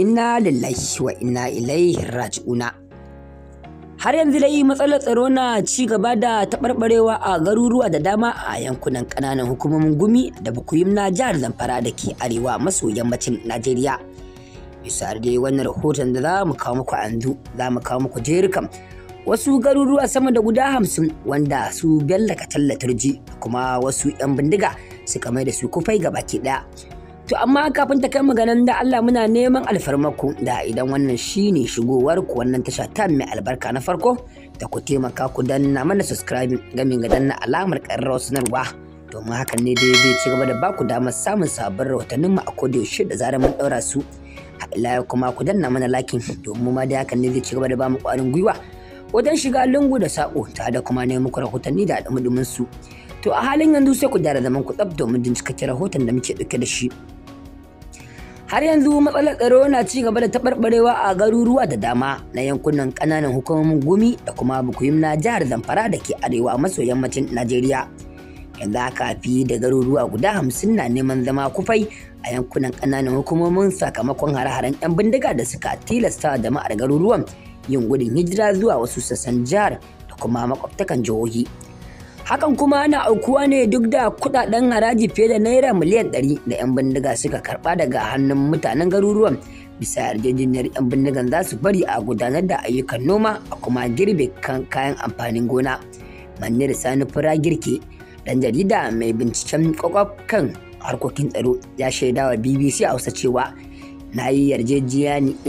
inna lillahi wa inna ilaihi raji'una har yanzu dai matsalar tsaro na ci gaba da taɓarɓarewa a garuruwa da dama a yankunan ƙananan hukumomin gumi da bukuyim na jihar zamfara da ke arewa maso yammacin najeriya bisa dai wannan rahoton da za mu kawo muku yanzu za mu kawo muku jerikan wasu garuruwa sama da guda hamsin wanda su bellaka tallatar kuma wasu 'yan bindiga suka mai da su kufai gabaki ɗaya To amma kafin ta kai maganan da Allah muna neman alfarmaku da idan wannan shine shigowar ku wannan tasha ta mai albarka na farko da ku taimaka ku danna mana subscribe gamin ga danna alamar ƙararrawar sanarwa domin hakan ne dai zai ci gaba da baku damar samun sabbin rahotannin mu a kodayaushe da zarar mun daura su. A ila kuma ku danna mana lakin domin ma da hakan ne zai ci gaba da bamu ƙwarin gwiwa wajen shiga lungu da saƙo tare da kuma neman rahotanni da dumi su. To a halin yanzu sai ku dara zaman ku tsab domin jin cikakken rahoton da muke ɗauke da shi. har yanzu matsalar tsaro na ci gaba da taɓarɓarewa a garuruwa da dama na yankunan ƙananan hukumomin gumi da kuma bukuyum na jihar zamfara da ke arewa maso yammacin najeriya yanzu haka fi da garuruwa guda hamsin na neman zama kufai a yankunan ƙananan hukumomin sakamakon hare-haren 'yan bindiga da suka tilasta jama'ar garuruwan yin gudun hijira zuwa wasu sassan jihar da kuma makwabtakan jihohi. Hakan kuma ana aukuwa ne duk da kudaden haraji fiye da naira miliyan 100 da 'yan bindiga suka karba daga hannun mutanen garuruwan bisa yarjejeniyar 'yan bindigan za su bari a gudanar da ayyukan noma a kuma girbe kayan amfanin gona. Manir Sani Fura Girke, dan jarida mai binciken kwakwakan harkokin tsaro ya shaidawa BBC Hausa cewa Eh,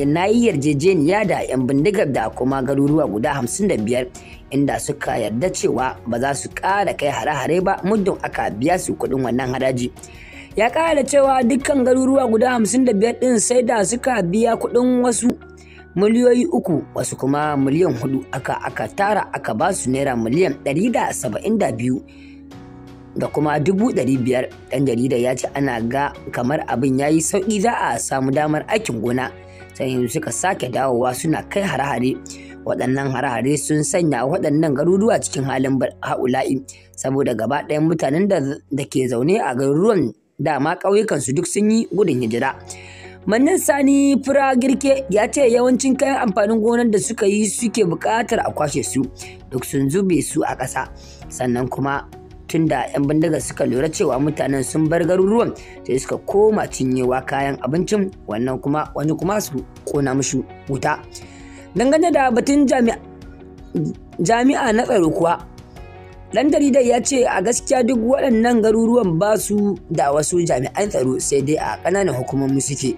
na yi yarjejeniya da 'yan bindigar da kuma garuruwa guda 55 inda suka yarda cewa ba za su ƙara kai hare-hare ba muddin aka biya su kuɗin wannan haraji ya kara da cewa dukkan garuruwa guda 55 ɗin sai da suka biya kuɗin wasu miliyoyi uku wasu kuma miliyan hudu aka aka tara aka ba su naira miliyan 172 da kuma dubu ɗari biyar ɗan jarida ya ce ana ga kamar abin ya yi sauƙi za a samu damar aikin gona sai yanzu suka sake dawowa suna kai hare waɗannan hare sun sanya waɗannan garuruwa cikin halin haula'i saboda gaba ɗayan mutanen da ke zaune a garuruwan dama ƙauyukansu duk sun yi gudun hijira Mannan Sani Fura Girke ya ce yawancin kayan amfanin gonar da suka yi suke buƙatar a kwashe su duk sun zube su a ƙasa sannan kuma da 'yan bindiga suka lura cewa mutanen sun bar garuruwan sai suka koma cinyewa kayan abincin wannan kuma wani kuma su kona mushi wuta dangane da batun jami'a na tsaro kuwa dan jaridar ya ce a gaskiya duk waɗannan garuruwan ba su da wasu jami'an tsaro sai dai a ƙananan hukumomi suke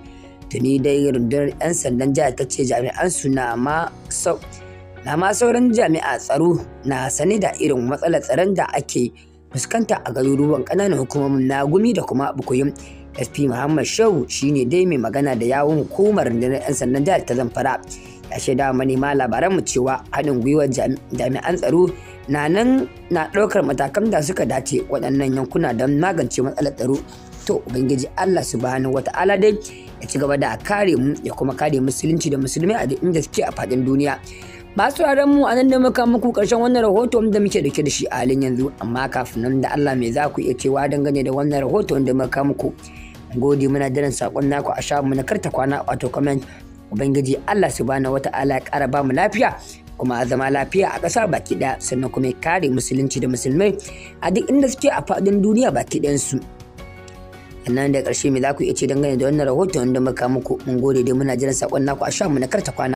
tuni dai rundunar 'yan sandan jihar ta ce jami'an su na ma sauran jami'a tsaro na sani da irin matsalar tsaron da ake fuskanta a garuruwan kananan hukumomin nagumi da kuma bukuyin sp muhammad shehu shine dai mai magana da yawun hukumar rundunar 'yan sandan jihar ta zamfara ya shaida manema mu cewa haɗin gwiwar jami'an tsaro na nan na ɗaukar matakan da suka dace waɗannan yankuna don magance matsalar tsaro to ubangiji allah subhanahu wata'ala dai ya ci gaba da kare mu ya kuma kare musulunci da musulmi a duk inda suke a faɗin duniya masu mu a nan da muka muku karshen wannan rahoto da muke dake da shi a halin yanzu amma kafin nan da Allah mai za ku iya cewa dangane da wannan rahoto da muka muku gode muna jiran sakon naku a mu na karta kwana wato comment ubangiji Allah subhanahu wataala ya kara ba mu lafiya kuma a zama lafiya a ƙasa baki ɗaya sannan kuma ya kare musulunci da musulmai a duk inda suke a faɗin duniya baki ɗayansu sannan da ƙarshe mai za ku iya ce dangane da wannan rahoton da muka muku mun gode dai muna jiran sakon naku a mu na karta kwana